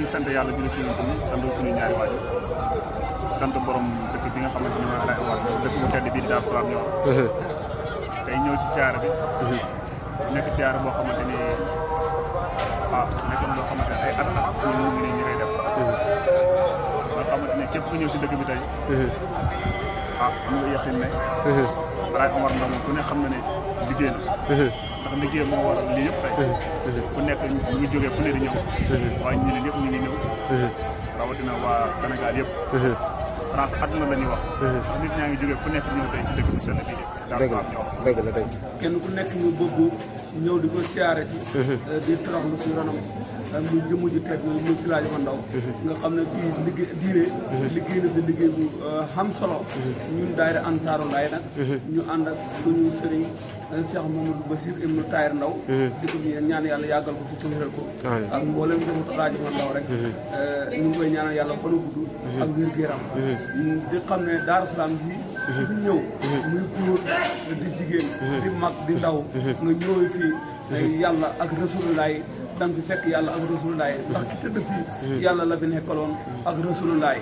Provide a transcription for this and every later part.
ñu sant yàlla julli si suñu sant suñu ñaari waajur sant borom dëkk bi nga xamante ni mooy Alaaye Waat dëkk bu tedd bii di Daaru Salaam ñor uh-huh. tey ñëw si siyaara bi uh-huh. nekk siyaara boo xamante ni waaw nekk na loo xamante ne ay at at ñun ñu ngi ne ñu koy def uh-huh. nga xamante ne képp ku ñëw si dëkk bi tey ah am nga yaqin ne Alaaye Omar Ndao moom ku ne xam na ne liggéey na ndax liggéey moo waral lii yëpp tey ku nekk ñu ngi jógee fu ne di ñëw waaye ñi yëpp ñu ngi ñëw rawatina waa Sénégal yëpp France àdduna la ñuy wax ndax nit ñaa ngi jógee fu nekk ñëw tey si dëkk bi seen liggéey di ko siyaare si euh, di toroxlu si ronam euh, mu yooyu mu si laaj ma ndaw nga xam ne fii liggéey diine liggéey na liggéey bu xam euh, solo ñun daayira Ansaarul Laay nag ñu ànd ak suñu sëriñ Cheikh Mamadou Bassir ibnu Tahir Ndaw mhm. di ko ñu ñaan yàlla yàggal ko fi ci ko ak mboolem njabootu Alaaji Mar Ndaw rek mhm. eh, ñu ngi koy ñaan yàlla fanu gudd mhm. ak wér gu yaram mm, di xam ne Daaru Salaam gii su ñëw muy góor di jigéen di mag di ndaw nga ñëwee fii yàlla ak rasulullah da nga fi fekk yàlla ak rasulullah ndax ki tëdd fii yàlla la fi nekkaloon ak rasulullah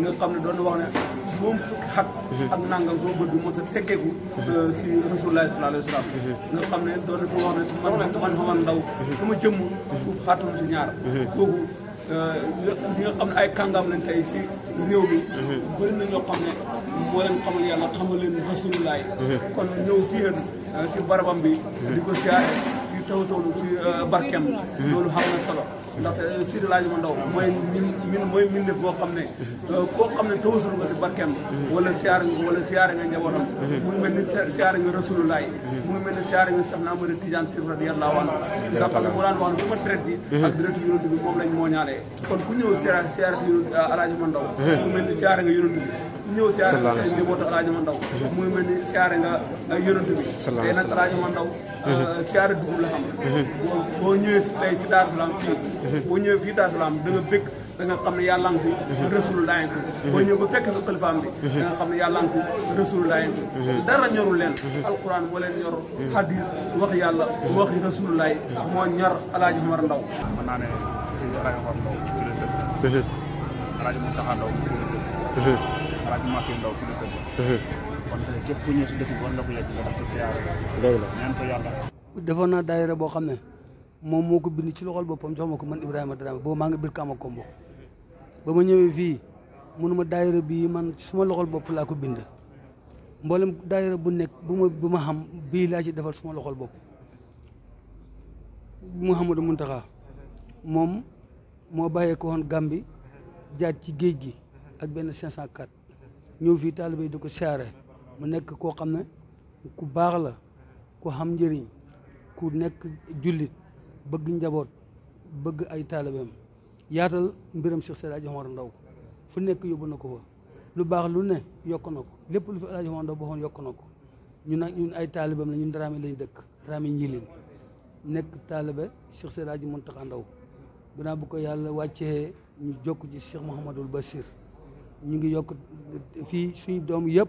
nga xam ne doon wax ne moom fukki xat ak nangam soo a euh, na fi wax ne man man xaman ndaw sama jëmm suuf xaatum si ñaar kooku euh, ñi nga xam ne ay kàngam lañ tey si réew mi bëri na ñoo xam ne moo leen xamal yàlla xamal leen rasulullah yi kon ñëw fii euh, ci barabam bi di ko taw toolu ci euh, barkeem mhm. loolu xam na solo ndaxte euh, Sidi Laaji ma ndaw mooy min moo mooy boo xam ne mhm. euh, koo xam ne tawasul nga si barkeem mhm. wala siyaare nga wala siyaare nga njabootam mu ngi mel ni siyaare nga rasulullah mu ngi mel ni siyaare nga Seexna Amadu Tijaan Si radiyallaahu anhu nga xam ne mu daan wax ne su ma traite bi moom lañ mooñaalee alaaji ma mu mel ni siyaare nga yonent bi ñëw siyaare njabootu alaaji ma ndaw muy mel ni siyaare nga yonent bi tey nag alaaji ma ndaw euh, siyaare dugub la xam mm-hmm. boo ñëwee si tey si Daaru mm-hmm. boo ñëwee fii Daaru Salaam da nga bëgg da nga xam ne yàlla mm-hmm. nga fi rasulullah ñëw fekk sa bi da nga xam ne yàlla nga fi rasulullah fi dara ñorul leen alquran moo leen ñor hadis wax yàlla wax rasulullah moo ñor alaaji Mar Ndaw mën naa ne si alaaji Mar Ndaw alaaji Muntaxa Ndaw Mbacké Ndaw fi dëkk bi kon tey képp ku ñëw si dëkk bi war la ko yegg nga tax sa siyaare dëgg la ñaan ko yàlla defoon naa daayira boo xam ne moom bind ci loxol boppam jox ma man Ibrahima Dramé boobu maa ngi biir Kama Kombo ba ma ñëwee fii munuma daayira man suma loxol bopp laa ko bind mboolem daayira bu nekk bu ma bu ma xam bii laa ci defal suma loxol bopp Mouhamadou Mountakha moom moo ko ci ak 504 ñëw fii taalibe yi di ko siyaare mu nekk koo xam ne ku baax la ku xam njëriñ ku nekk jullit bëgg njaboot bëgg ay taalibeem yaatal mbiram Cheikh Seydi Aji Omar Ndaw fu nekk yóbbu na ko fa lu baax lu ne yokk na ko lépp lu fi Aji Omar Ndaw boxoon yokk na ko ñu nag ñun ay taalibeem la ñu Dramé lañ dëkk Dramé ñilin nekk taalibe Cheikh Seydi Aji Muntaxa Ndaw gannaaw bu ko yàlla wàccee ñu jokk ci Cheikh Mouhamadul Basir ñu ngi yokk fii suñu doom yëpp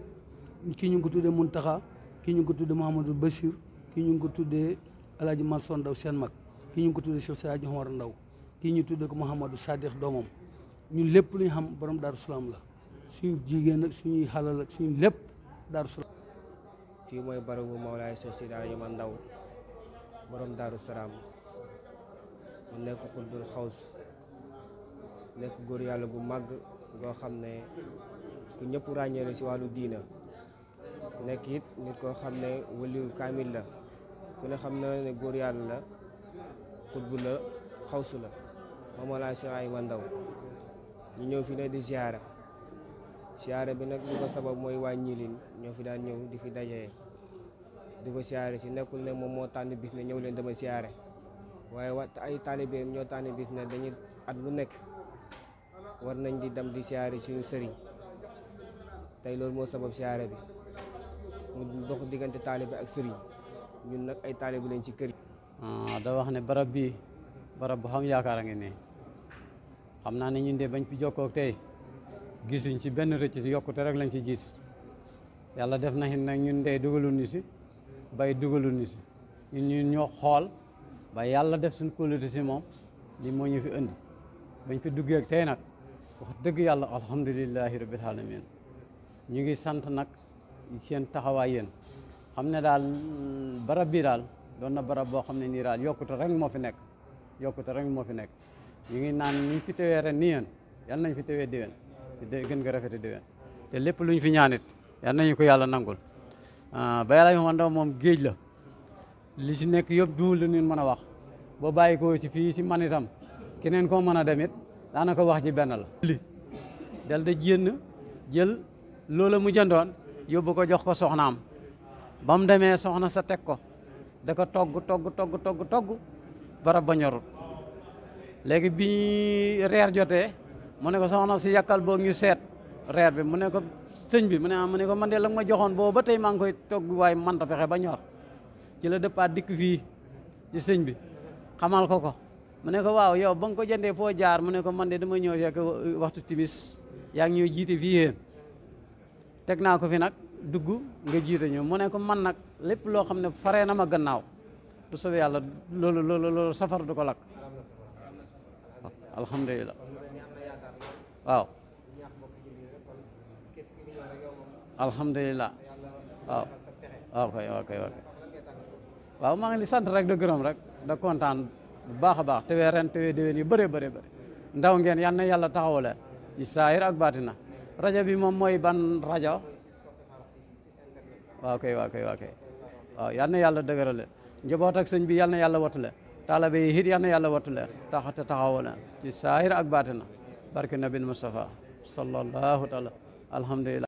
kii ñu ngi ko tuddee Muntaxa kii ñu ngi ko tuddee Mouhamadou Bachir kii ñu ngi ko tuddee El Hadj Mansour Ndaw seen mag ki ñu ngi ko tuddee Cheikh Sadji Omar Ndaw kii ñu tuddee ko Mouhamadou Sadikh doomam ñun lépp lu xam boroom Daaru Salaam la suñu jigéen ak suñuy xalal ak suñu lépp Daaru Salaam. fii mooy barabu Mawlaay Cheikh Seydi Hadji Omar Ndaw borom Daaru Salaam mu nekk xutbul xaws nekk góor yàlla gu màgg. goo xam ne ku ñëpp ràññee la ci wàllu diina nekk it nit koo xam ne waliyu kaamil la ku ne xam na ne góor yàlla la xutbu la xawsu la mamalaa ay wandaw ñu ñëw fi ne di ziara ziara bi nag li sabab mooy waa ñilin ñoo fi daan ñëw di fi dajee di ko ziare ci nekkul ne moom moo tànn bis ne ñëw leen dama ziare waaye wa ay taalibeem ñoo tànn bis ne dañuy at bu nekk war nañ di dem di siyaare suñu sëriñ tey loolu moo sabab siyaare bi mu dox diggante taalibe ak sëriñ ñun nag ay taalibe lañ ci kër ah, da wax ne barab bii barab bu xam yaakaar a ngi ne xam naa ne ñun de bañ fi jokkook tey gisuñ ci benn rëcc yokkute rek lañ ci gis yàlla def na xin nag ñun dey dugalul ñu si bay dugalul ñu si ñun ñun ñoo xool ba yàlla def suñ kóolute si moom lii moo ñu fi indi bañ fi duggee tey nag wax dëgg yàlla alhamdulilahi rabbil alamin ñu ngi sant nag seen taxawaay yéen xam ne daal barab bi daal doon na barab boo xam ne nii daal yokkute rek moo fi nekk yokkute rek moo fi nekk ñu ngi naan ñu fi tewee ren nii yéen yal nañ fi tewee déwén gën nga rafete déwén te lépp luñ fi ñaanit yal nañu ko yàlla nangul ah, bayalay xamanda moom géej la li si nekk yëpp duul la ñun mën a wax boo bàyyi ko si fii si man keneen koo mën demit danaka wax ji benn la dal da jenn jël loola mu jëndoon yóbbu ko jox ko soxnam bam mu soxna sa tek ko da ko togg togg togg togg togg barab ba ñorul léegi bi reer joté mu ne ko soxna si yakal bo ñu seet reer bi mu ne ko señ bi mu ne am ah, ne ko man de la ma joxon bo ba tay ma ngoy togg way man ta fexé ba ñor ci la dik fi ci señ bi xamal ko ko mané ne ko waw yow bang ko jëndé fo jaar mané ko man dé dama ñëw fekk waxtu timis yaa ngi ñëw jiite fii yéen teg naa ko fi nak duggu nga jité ñu mané ko man nak lépp lo xamné faré na ma gannaaw du sobe yalla loolu loolu loolu safar du ko lakk alhamdulilah waaw alhamdulilah waaw waaw kay waw kay waw kay ngi sant rek de gërëm rek da kontaan bu baax a baax tewee ren tewee déwén yu bëree bëri bëri ndaw ngeen yan na yàlla taxaw la ci saayir ak baatina rajo bi moom mooy ban rajo waaw kay waaw kay waaw kay waaw yan na yàlla dëgërale njaboot ak sëñ bi yal na yàlla wattu la taalibe yi it yal na yàlla wattu la taxate taxaw la saayir ak baatina barke nabil Mustafa sallallahu taala alhamdulilah